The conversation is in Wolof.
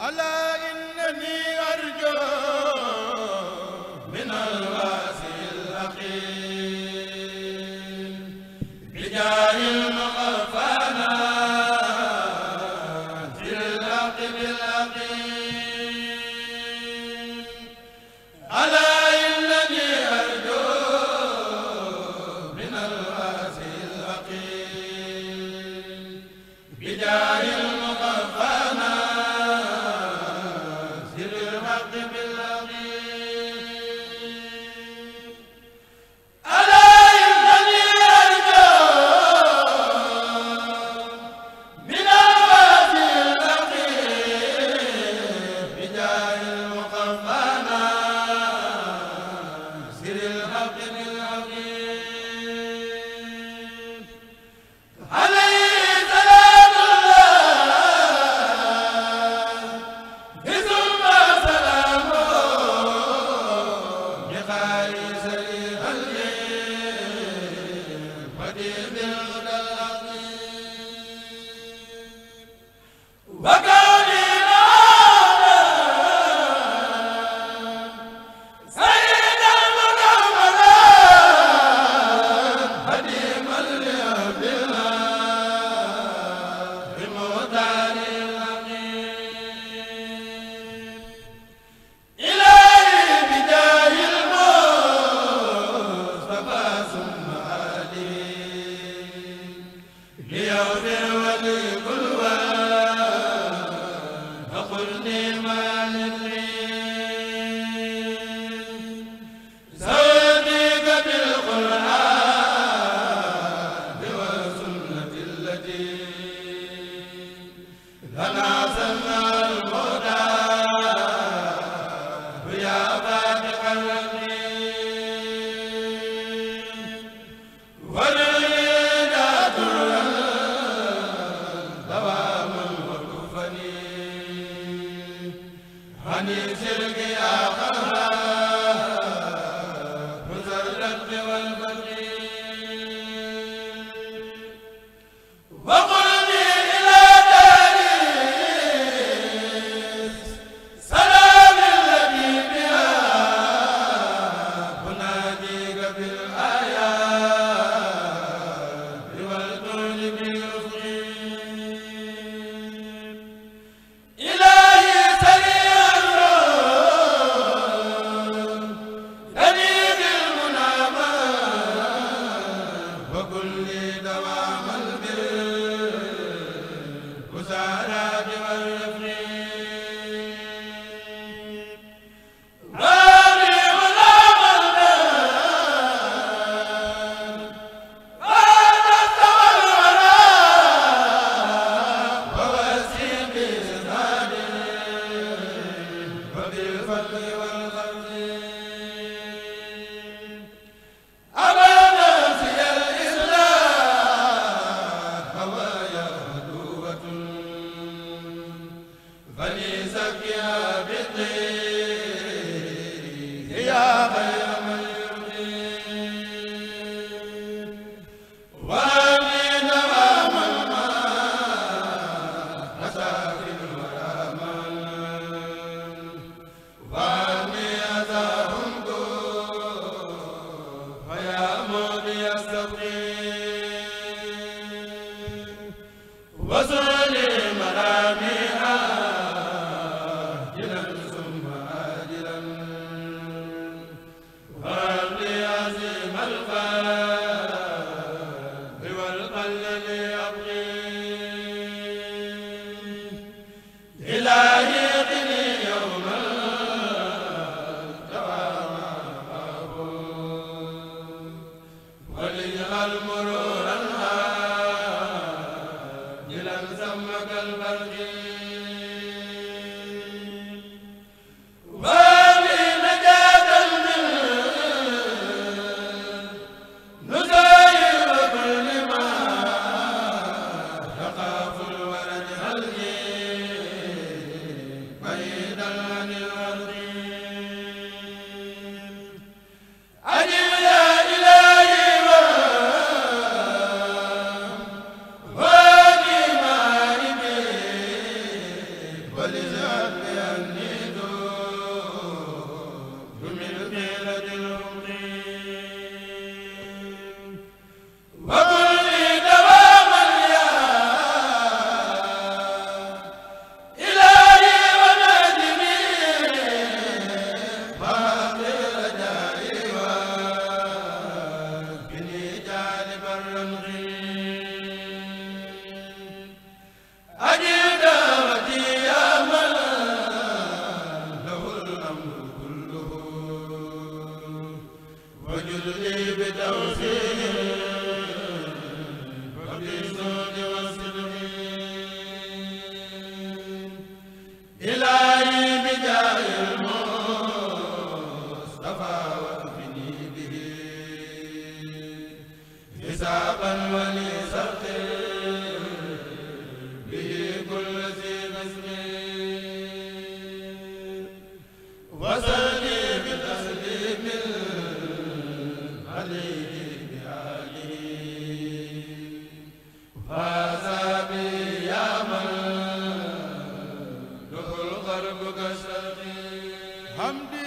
ala innani wa ani silgi yaa bi دان am